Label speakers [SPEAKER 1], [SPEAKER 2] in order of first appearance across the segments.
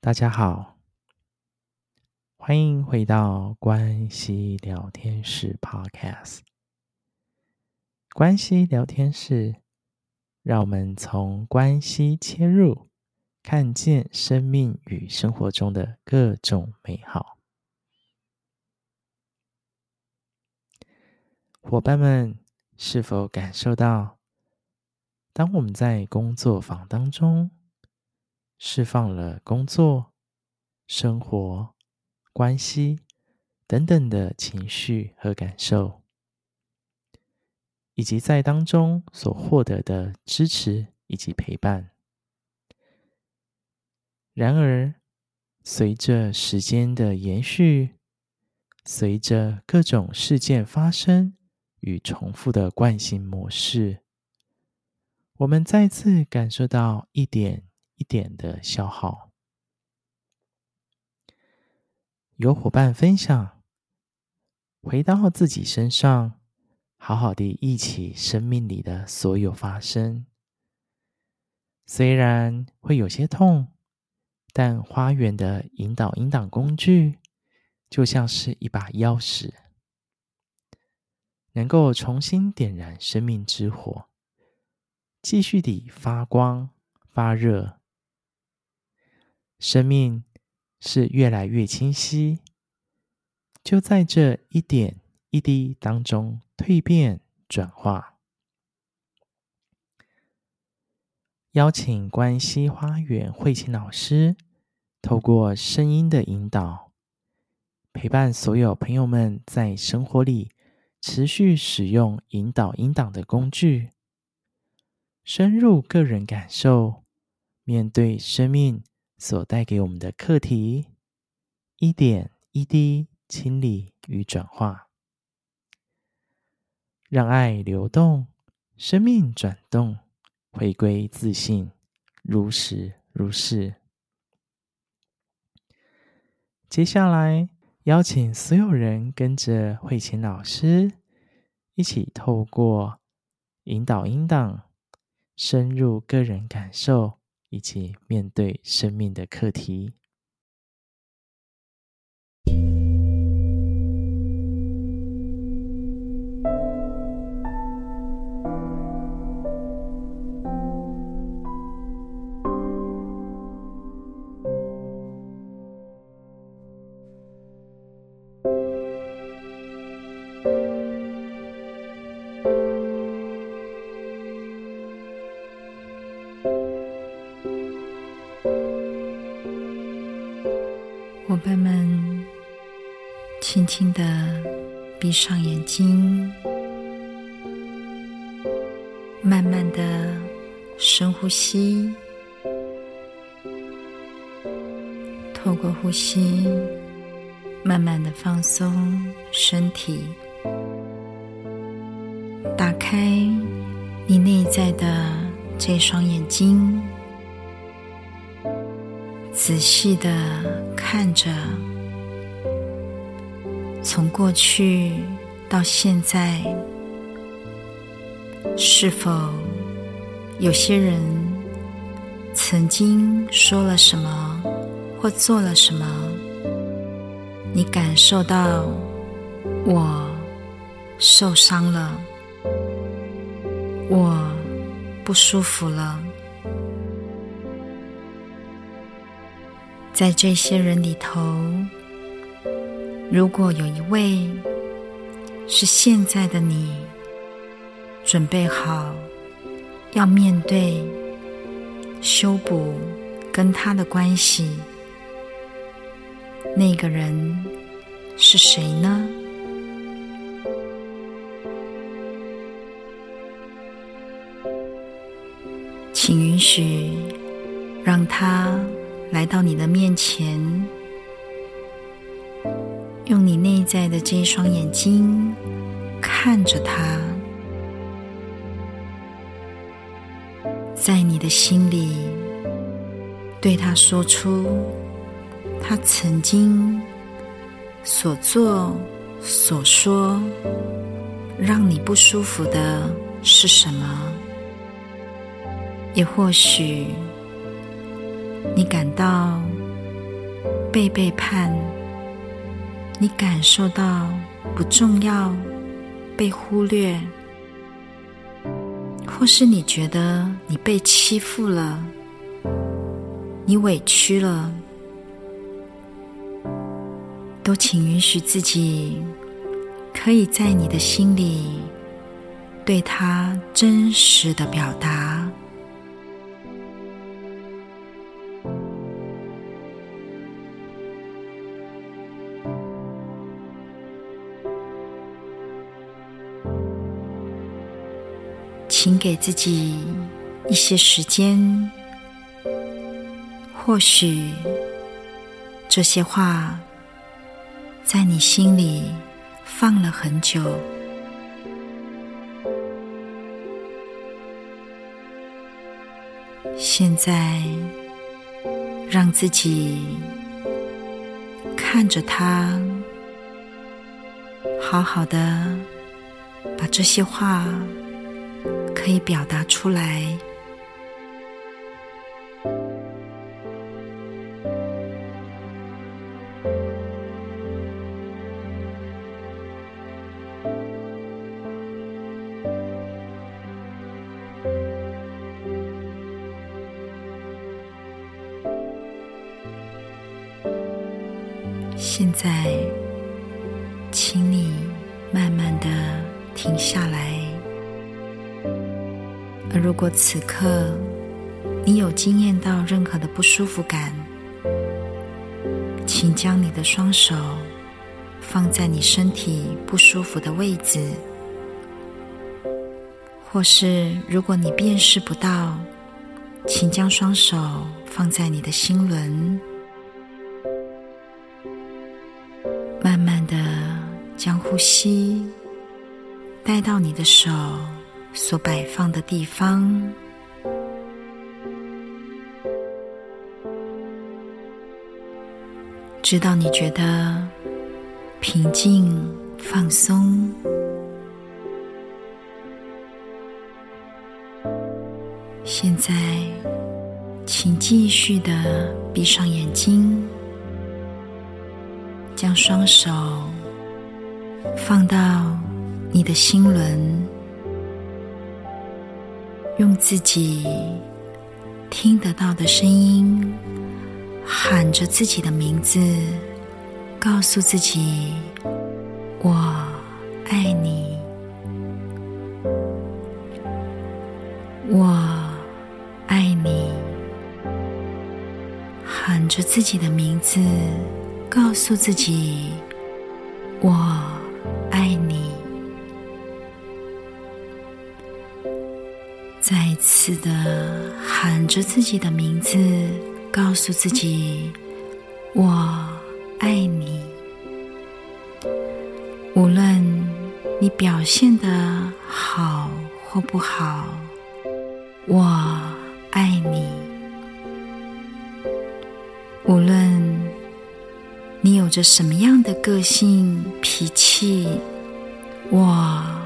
[SPEAKER 1] 大家好，歡迎回到關係聊天室 Podcast。關係聊天室，讓我們從關係切入，看見生命與生活中的各種美好。伙伴們，是否感受到，當我們在工作坊當中，釋放了工作、生活、關係等等的情緒和感受，以及在當中所獲得的支持以及陪伴。然而，隨着時間的延續，隨着各種事件發生與重複的慣性模式，我們再次感受到一點。一點的消耗，有伙伴分享，回到自己身上，好好的憶起生命裡的所有發生。雖然會有些痛，但花園的引導引導工具，就像是一把鑰匙，能夠重新點燃生命之火，繼續地發光發熱。生命是越來越清晰，就在這一點一滴當中蛻變轉化。邀請關係花園慧卿老師，透過聲音的引導，陪伴所有朋友們在生活裡持續使用引導引導的工具，深入個人感受，面對生命所帶給我們的課題，一點一滴清理與轉化，讓愛流動，生命轉動，回歸自性，如實如是。接下來，邀請所有人跟着慧卿老師一起透過引導音檔，深入個人感受。以及面對生命的課題。
[SPEAKER 2] 閉上眼睛，慢慢的深呼吸，透過呼吸，慢慢的放鬆身體，打開你內在的這雙眼睛，仔細的看着。從過去到現在，是否有些人曾經說了什麼？或做了什麼？你感受到我受傷了，我不舒服了，在這些人裡頭。如果有一位是現在的你，準備好要面對修補跟他的關係，那個人是誰呢？請允許讓他來到你的面前。用你內在的這雙眼睛看着他，在你的心裡對他說出他曾經所做所說讓你不舒服的是什麼？也或許你感到被背叛。你感受到不重要，被忽略，或是你覺得你被欺負了，你委屈了，都請允許自己，可以在你的心裡，對他真實的表達。請給自己一些時間，或許這些話在你心裡放了很久。現在，讓自己看着他，好好的把這些話。可以表達出來。現在，請你慢慢的停下來。如果此刻你有經驗到任何的不舒服感，請將你的雙手放在你身體不舒服的位置，或是如果你辨識不到，請將雙手放在你的心輪，慢慢的將呼吸帶到你的手。所擺放的地方，直到你覺得平靜、放鬆。現在請繼續的閉上眼睛，將雙手放到你的心輪。用自己聽得到的聲音，喊着自己的名字，告訴自己：“我愛你，我愛你。”喊着自己的名字，告訴自己：“我。”似的喊着自己的名字，告訴自己：“我愛你。”無論你表現的好或不好，我愛你。無論你有着什麼樣的個性、脾氣，我。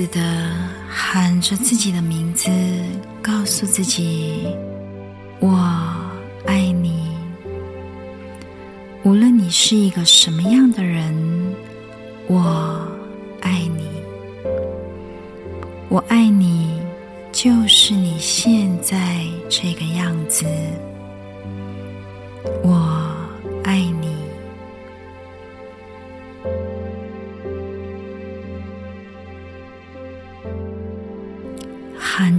[SPEAKER 2] 似的喊着自己的名字，告訴自己：“我愛你。無論你是一個什麼樣的人，我愛你。我愛你，就是你現在這個樣子。”我。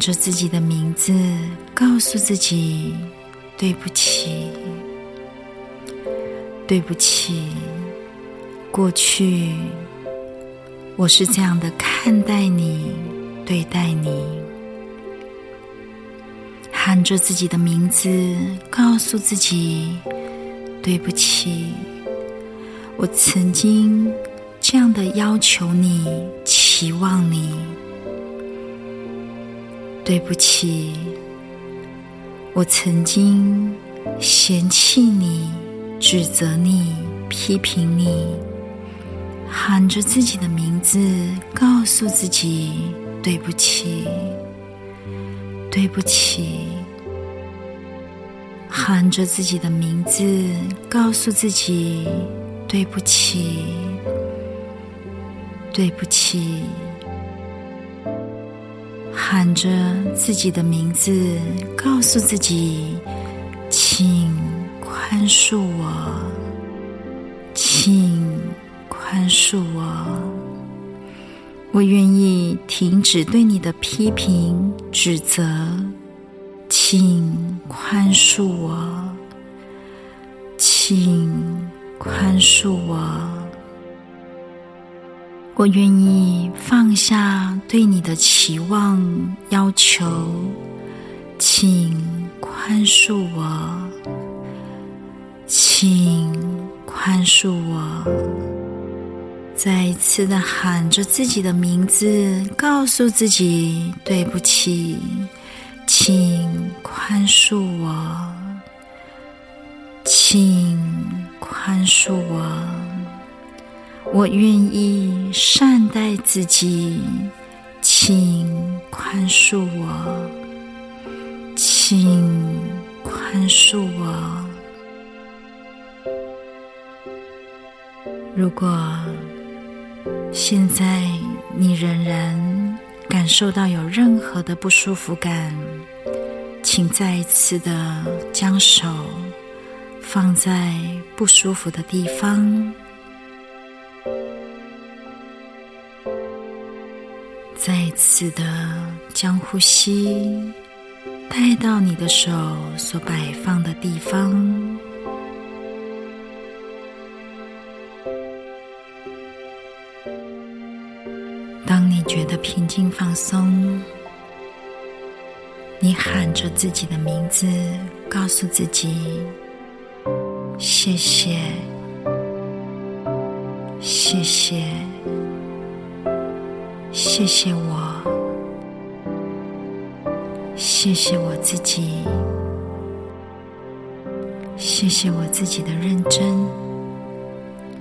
[SPEAKER 2] 喊着自己的名字，告訴自己：“對不起，對不起，過去我是這樣的看待你、對待你。”喊着自己的名字，告訴自己：“對不起，我曾經這樣的要求你、期望你。”對不起，我曾經嫌棄你、指責你、批評你，喊着自己的名字，告訴自己對不起，對不起，喊着自己的名字，告訴自己對不起，對不起。喊着自己的名字，告訴自己：“請寬恕我，請寬恕我。我願意停止對你的批評、指責，請寬恕我，請寬恕我。”我願意放下對你的期望、要求，請寬恕我，請寬恕我。再一次地喊着自己的名字，告訴自己對不起，請寬恕我，請寬恕我。我願意善待自己，請寬恕我，請寬恕我。如果現在你仍然感受到有任何的不舒服感，請再一次的將手放在不舒服的地方。一次的將呼吸帶到你的手所擺放的地方，當你覺得平靜放鬆，你喊着自己的名字，告訴自己：“謝謝，謝謝，謝，謝，謝謝我。”謝謝我自己，謝謝我自己的認真，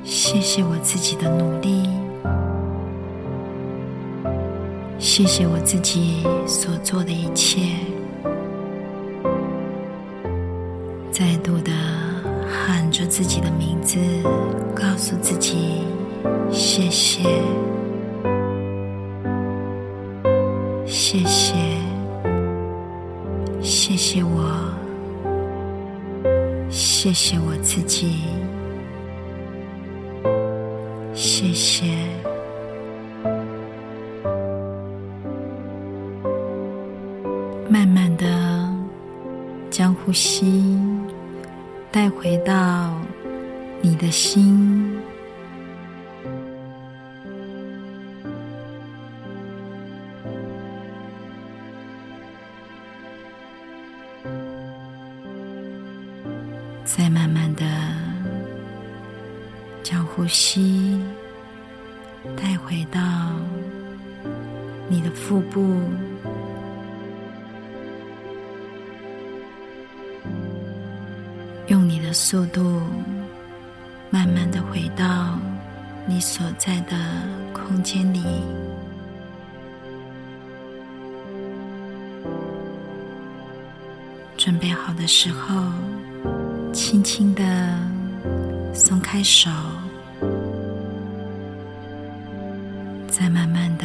[SPEAKER 2] 謝謝我自己的努力，謝謝我自己所做的一切。再度的喊着自己的名字，告訴自己，謝謝。謝謝我，謝謝我自己，謝謝。慢慢的將呼吸帶回到你的心。再慢慢的將呼吸帶回到你的腹部，用你的速度慢慢的回到你所在的空間裡。準備好的時候。輕輕的鬆開手，再慢慢的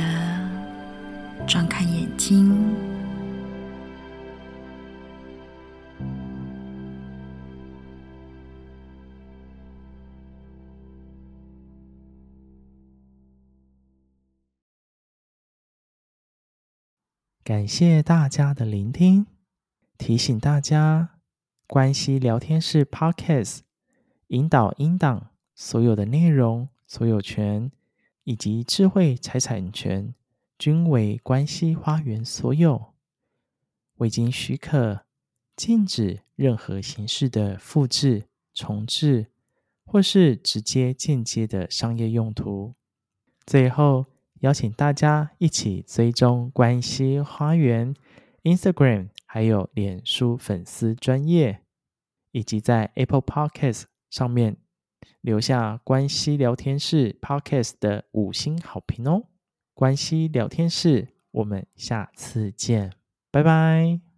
[SPEAKER 2] 張開眼睛。
[SPEAKER 1] 感謝大家的聆聽，提醒大家。關係聊天室 Podcast 引導音檔，所有的內容所有權以及智慧財產權均為關係花園所有。未經許可，禁止任何形式的複製、重製或是直接間接的商業用途。最後，邀請大家一起追蹤關係花園 Instagram。還有臉書粉絲專頁，以及在 Apple Podcast 上面留下關係聊天室 Podcast 的五星好評哦！關係聊天室，我們下次見，拜拜。